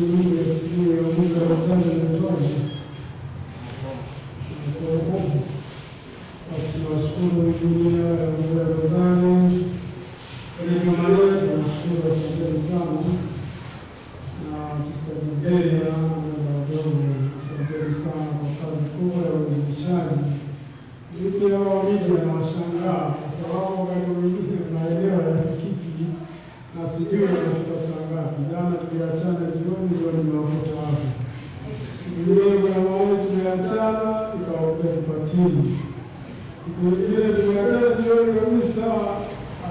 Amen. Pengine tunakea jioni kabisa,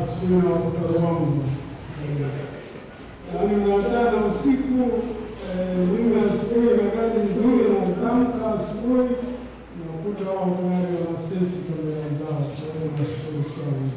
asubuhi na mkutano wangu, yaani unaachana usiku. Eh, Mimi asubuhi nakadi nzuri na utamka asubuhi, nakuta wao tayari wana seti kamera zao. Nashukuru sana.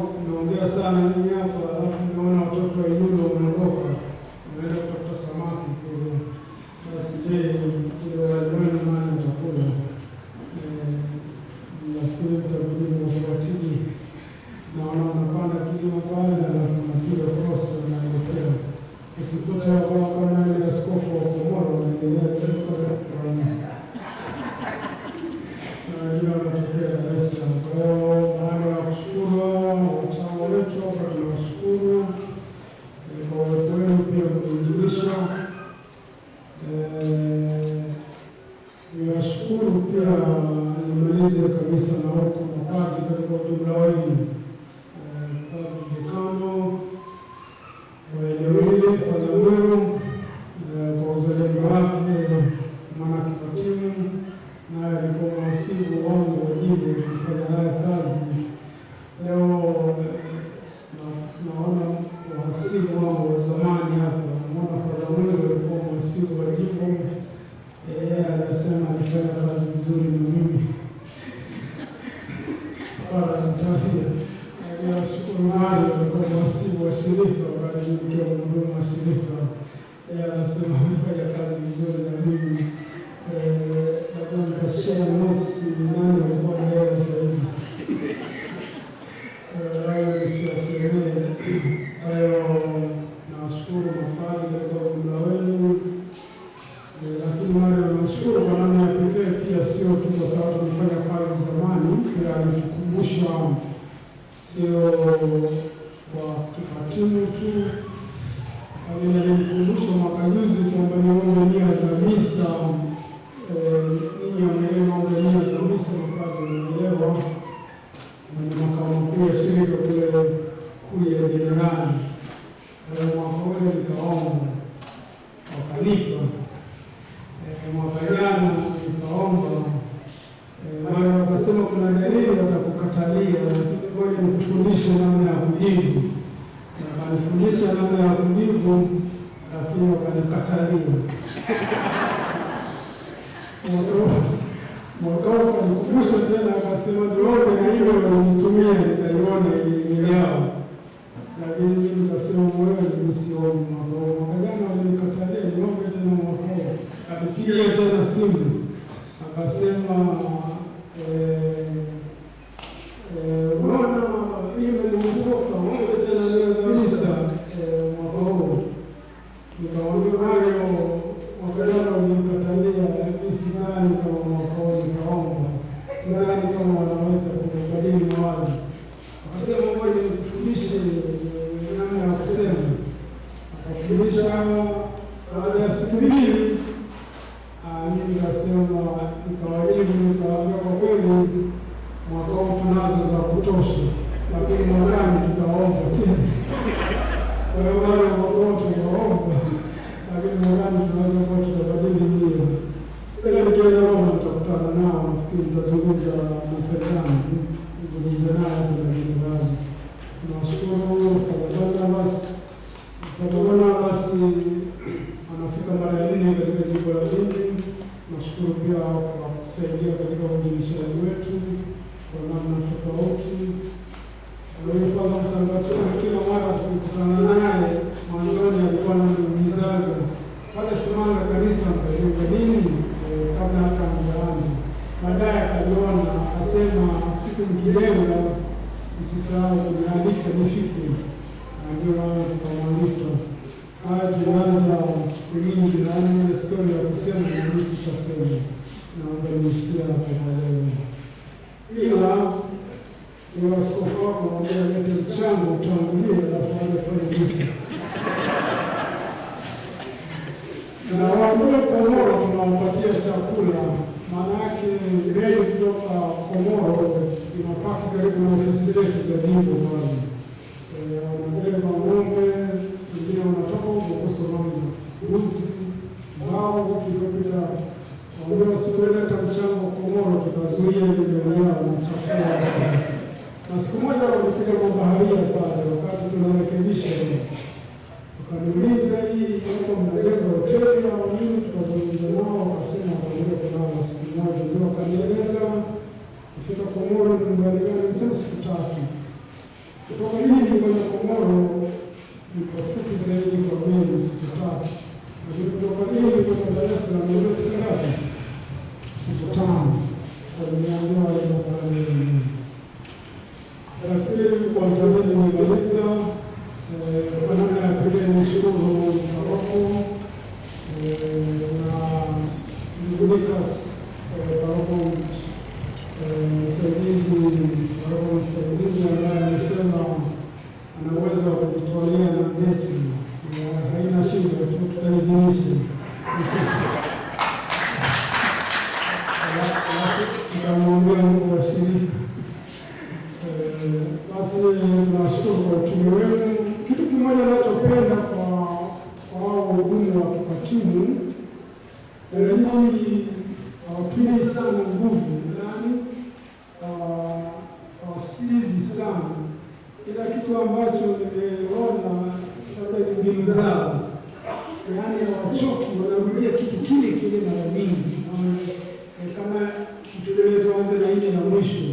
No, sana no. no alafu Niwashukuru pia nimalize eh, kabisa na huko mapadri kwa ujumla wenu Kabani ikiwa mhudumu wa shirika anasema amefanya kazi vizuri na mimi nakazikashia nosi nani alikuwa naela sahivi ayo siasemee hayo. Nawashukuru mafari katika muda wenu, lakini wale wanashukuru kwa namna ya pekee pia, sio tu kwa sababu tulifanya kazi zamani, ila alitukumbusha sio kwamba vimeondolewa kwenye makao makuu ya shirika kule kuu ya Jenerali. Mwaka ule nikaomba wakanipa, mwaka jana nikaomba na wakasema kuna dalili watakukatalia, ngoja nikufundishe namna ya kujibu. Wakanifundisha namna ya kujibu, lakini wakanikatalia akasema haitoshi, lakini mwakani tutaomba tena. Kwa hiyo wale ambao tunaomba, lakini mwakani tunaweza kuwa tutabadili njia. Ila nikienda Roma nitakutana nao, nafikiri nitazungumza na Petano, nizungumze naye kuna jirani. Nashukuru Kabatata basi Kabatata basi anafika mara ya nne katika jimbo la Lindi. Nashukuru pia kwa kusaidia katika uinjilishaji wetu kwa namna tofauti. Kwamba Msangwatuni kila mara tukikutana naye, mwanzoni alikuwa ananiulizaga pale Sumanga kanisa mtajenga nini eh, kabla hata mjaanza. Baadaye akaliona akasema, siku mkilewa kiuchumi, neno hili sana nguvu nani, hawasizi ah, ah, sana, kila kitu ambacho eh, nimeona labda ni mbinu zao, yaani hawachoki, wanarudia kitu kile kile mara mingi. Kama eh, mchudeleo tuanze na hili na mwisho,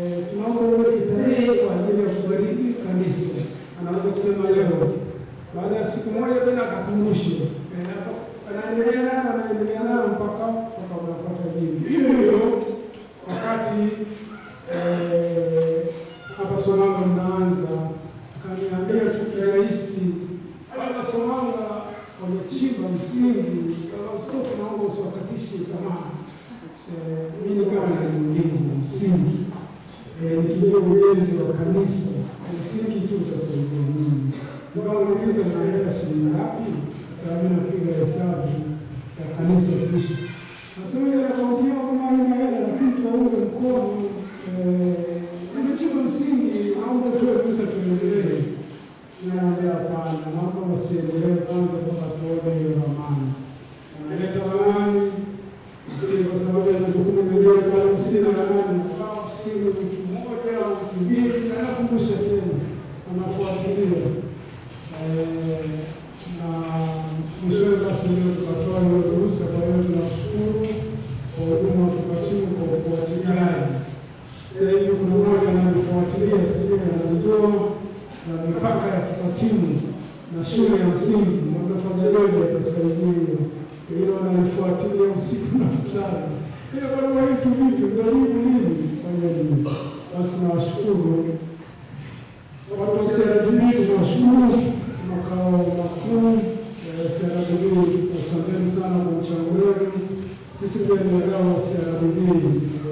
eh, tunaomba uweke tarehe kwa ajili ya kubariki kanisa. Anaweza kusema leo, baada ya siku moja tena akakumbushe Masomanga mnaanza, akaniambia tukirahisi haya Masomanga wamechimba msingi, askofu, naomba usiwakatishe tamaa. Eh, Mi nikawa naliuliza msingi, eh, nikijua ujenzi wa kanisa msingi tu utasaidia nini? Nikauliza naelea shilingi ngapi? Sasa napiga hesabu ya kanisa kisha nasema, akauntia kuna hela, lakini tunaunge mkono eh, Ontem será domingo nas ruas, local Macron, eh, será domingo, sabemos, Ana Monte Aurélio, se se vê legal, do domingo.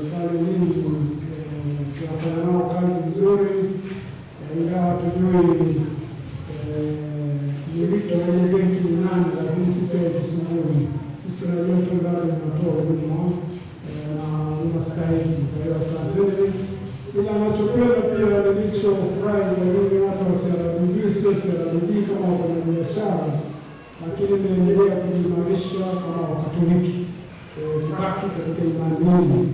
haki katika imani yenu.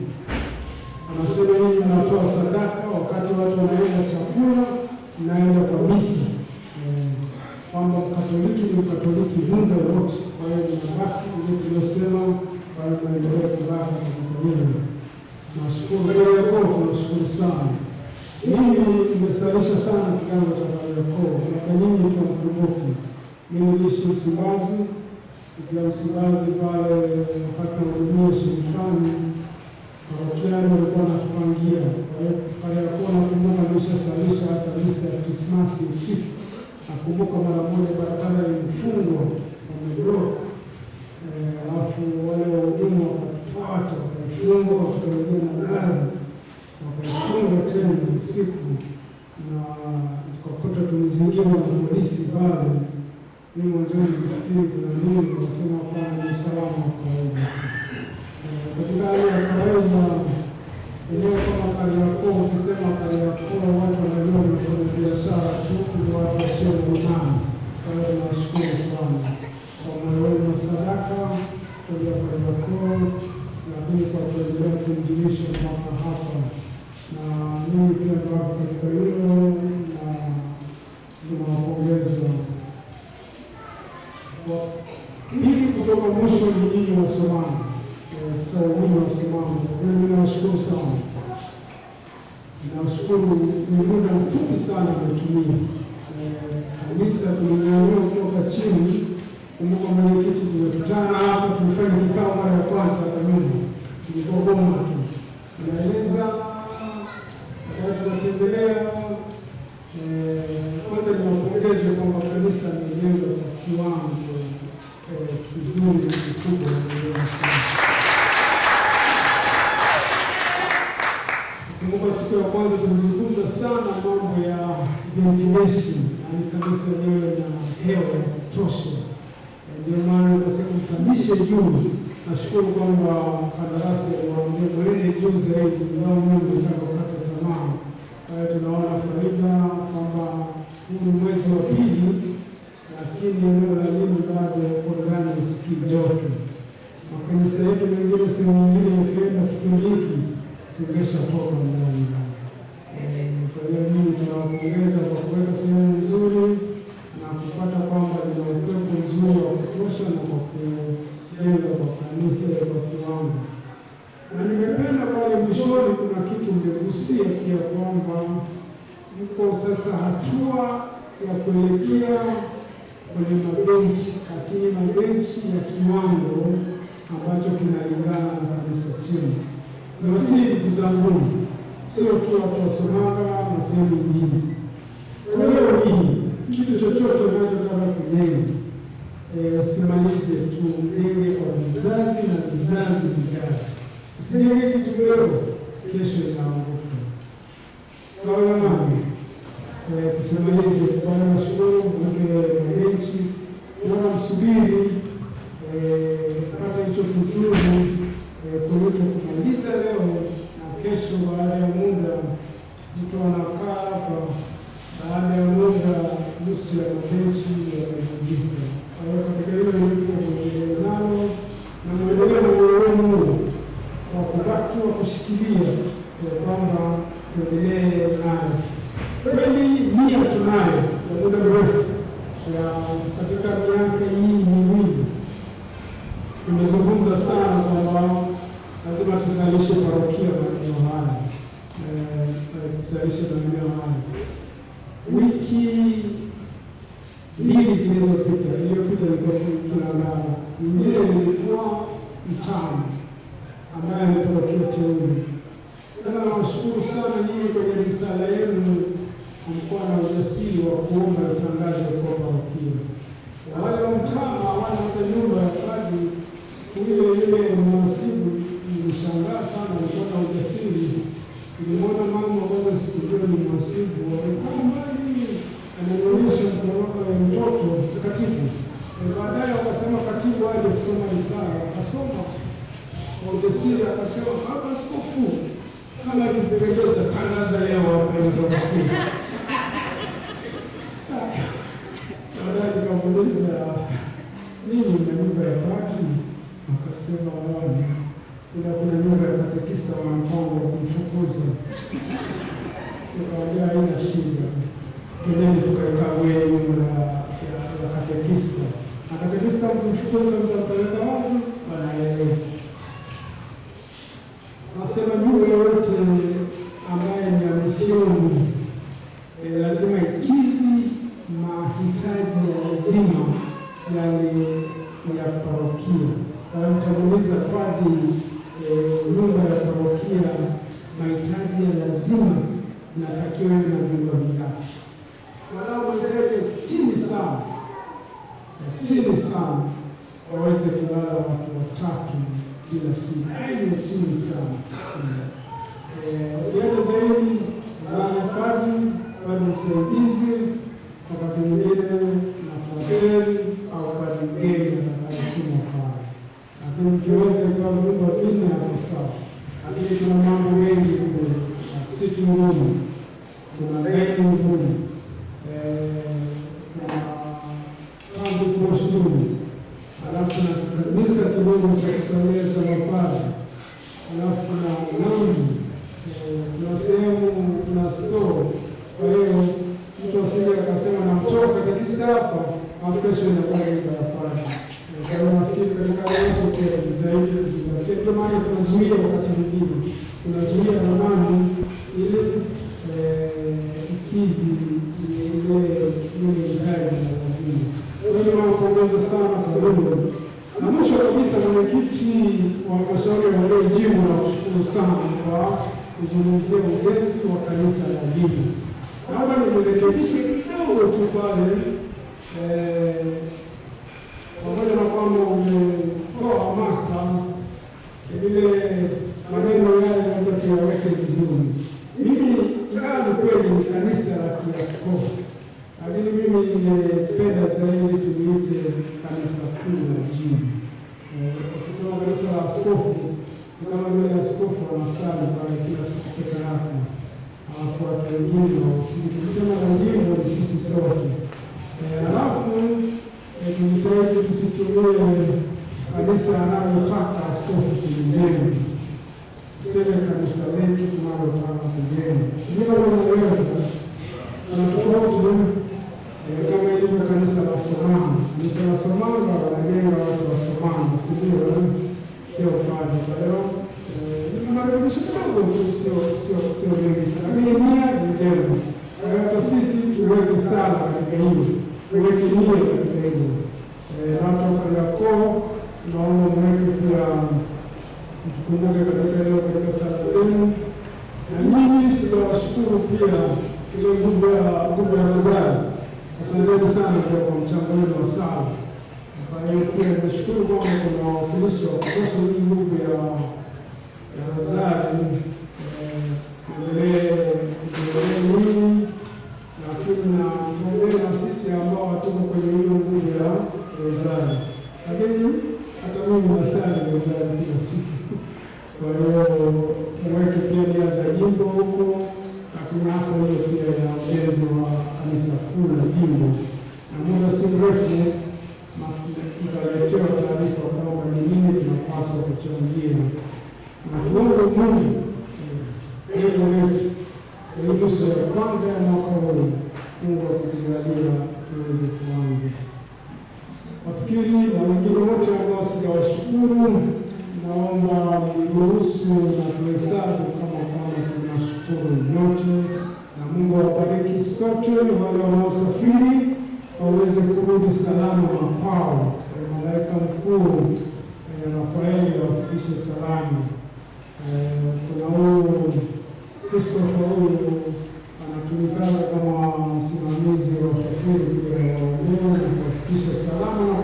Anasema hii anatoa sadaka wakati watu wanaenda chakula, naenda kwa misa, kwamba Katoliki ni Katoliki muda wote. Kwa hiyo nabaki ile tuliosema, kwa hiyo naendelea kubaki katika hilo. Nashukuru tunashukuru sana. Mimi nimesalisha sana kigango cha Kariakoo, mwaka nyingi tuwa mimi Msimbazi ikiwa Msimbazi pale wakati wa hudumia ushirikani parokiani walikuwa wanatupangia. Kwa hiyo aliyakuwa nakumbuka nimeshasalisha hata misa ya Krismasi usiku, nakumbuka mara moja barabara ilifungwa kwa miguu, eh, alafu wale wahudumu wakatufuata, wakafungwa, wakaingia na gari wakaifunga tena usiku, na tukakuta tumezingirwa na polisi pale waziri kusafiri kuna mbili wanasema kwamba ni usalama wa kawaida katika hali ya kawaida. Eneo kama Kariakoo, ukisema Kariakoo watu wanajua wanafanya biashara tu, ni watu wasio imani. Kwa hiyo tunawashukuru sana kwa moyo wenu sadaka kuja Kariakoo, lakini kwa kuendelea kumjulisha kwamba hapa na mimi pia ndio katika hilo na tunawapongeza wa mwisho ni nyinyi wasomaji. Eh, nyinyi wasomaji, mimi nawashukuru sana, nawashukuru. Ni muda mfupi sana umetumia eh, kanisa tulinyanyua kutoka chini. Kumbuka mwenyekiti, tumekutana hapa, tumefanya kikao mara ya kwanza hapa nyuma, tulipogoma tu naeleza wakati tunatembelea eh, kwanza. Niwapongeze kwamba kanisa limejenga kwa kiwango kiburi kikubwa Kumbuka siku ya kwanza tulizungumza sana mambo ya ventilation, yaani kabisa yenyewe na hewa ya kutosha. Ndio maana nasema mpandishe juu. Nashukuru kwamba kandarasi aliwaambia mwende juu zaidi, ingawa Mungu nataka tamaa. Kwa hiyo tunaona faida kwamba huu mwezi wa pili sehemu nyingine ikienda kipindi hiki tumeshatoka ndani. Eh, kwa hiyo mimi tunawapongeza kwa kuweka sehemu nzuri na kupata kwamba lina upepo mzuri wa kutosha na kwa kujenga kwa kanisa kwa kiwango, na nimependa pale mwishoni kuna kitu mmegusia pia kwamba mko sasa hatua ya kuelekea kwenye mabenchi, lakini mabenchi ya kiwango ambacho kinalingana na kanisa chenu. Nawasihi ndugu zanguni, sio tu watu Somanga na sehemu nyingine, leo hii kitu chochote unachotaka kunena eh, usimalize tu nene kwa vizazi na vizazi vijavyo. Usinene kitu leo, kesho inaanguka. Sawa na mami, eh, tusimalize. Bwana, nashukuru mke wa nchi, mwana msubiri vizuri eh, kuliko kumaliza leo na kesho. Baada ya muda mtu anakaa hapa, baada ya muda nusu ya mabenchi yamevunjika. Kwa hiyo katika hilo kuendelea nalo na mwendelea na uelewa wa kubaki wa kushikilia kwamba tuendelee nayo. Kweli nia tunayo ya muda mrefu katika miaka hii Tumezungumza sana kwamba lazima tuzalishe parokia maeneo haya, eh, eh, tuzalishe maeneo haya. Wiki mbili zilizopita, iliyopita ilikuwa Kilangala, ingine ilikuwa Mtama ambaye ametokea teuli. Aa, nawashukuru sana nyinyi kwenye risala yenu, kulikuwa na ujasiri wa kuomba itangazo kuwa parokia, na wale wa Mtama hawana hata nyumba sana alipata ujasiri. Nilimwona mama baba siku hiyo ni mwasibu alikuwa mbali, ananionyesha mtoroka ya mtoto mtakatifu. Baadaye akasema katibu aje kusoma risala, akasoma kwa ujasiri, akasema baba askofu, kama kipelekeza tangaza leo hapa mtakatifu. Baadaye nikamuuliza nini na nyumba ya waki, akasema wana ila kuna nyumba ya katekista wana mpango wa kumfukuza, tukaambia haina shida, twendeni tukawekagwe nyumba ya katekista. Na katekista kumfukuza, mtapeleka wapi? Wanaeleka kuelekea wote tena Ndio maana tunazuia wakati mwingine, tunazuia ramani ili ikidhi ile hitaji la lazima. Ndio nawapongeza sana Karume. Na mwisho kabisa, mwenyekiti wa halmashauri ya wilaya Jimbo, nakushukuru sana kwa kuzungumzia ujenzi wa kanisa la Jimbo. Naomba nimrekebishe kidogo tu pale pamoja na kwamba umetoa hamasa vile maneno yale labda tuyaweke vizuri. Mimi ingawa kweli ni kanisa la kiaskofu, lakini mimi nimependa zaidi tuliite kanisa kuu la mjini. Eh, Ukisema kanisa la askofu ni kama vile askofu wanasali pale kila siku peke yake, alafu watu wengine wausii. Ukisema la jimbo ni sisi sote, halafu eh, Tujitahidi tusichukulie kanisa analotaka askofu kulijenga, sema kanisa letu tunalotaka kujenga. Inaeleweka na tofauti eh, kama ilivyo kanisa la Somali. Kanisa la Somali wanajenga watu wa Somali, si ndio? Sio pale kwa leo eh, marekebisho kidogo tu, sio sio sio mengi sana, lakini nia ni njema. hata sisi tuweke sana katika hilo wiki hiyo katika Yakobo naomba mweke pia mtukumbuke katika leo katika sala zenu, na nyinyi sitawashukuru pia a, nguvu a nguvu ya rozari. Asanteni sana pia kwa mchango wenu wa sala. Kwa hiyo pia nashukuru kwamba kuna wawakilishi wa kutosha hii nguvu ya rozari endelee kwenye hilo kundi la wezani, lakini hata mimi nasali wezani kila siku. Kwa hiyo tuweke pia nia za jimbo huko nyote, na Mungu awabariki sote wale wanaosafiri waweze kurudi salama makwao. Ee malaika mkuu ee Rafaeli awafikishe salama. Ee, kuna huyu Christopher huyu anatumikana kama msimamizi wa usafiri, kuwafikisha salama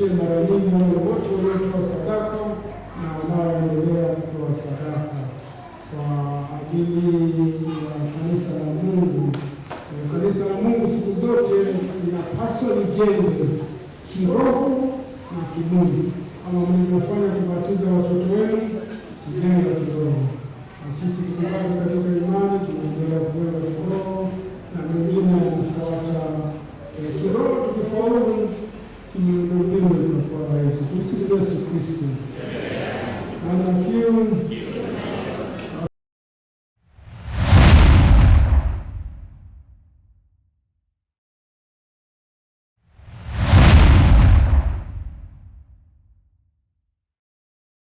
niwahakikishie mara nyingi wale wote waliotoa sadaka na wanaoendelea kutoa sadaka kwa ajili ya kanisa la Mungu. Kanisa la Mungu siku zote linapaswa lijengwe kiroho na kimwili, kama mlivyofanya kubatiza watoto wenu kujenga kiroho, na sisi tukibaki katika imani tunaendelea kujenga kiroho na mengine yafuata eh, kiroho tukifaulu miundombinu zinakuwa rahisi. Tumsifu Yesu Kristo. Thank you.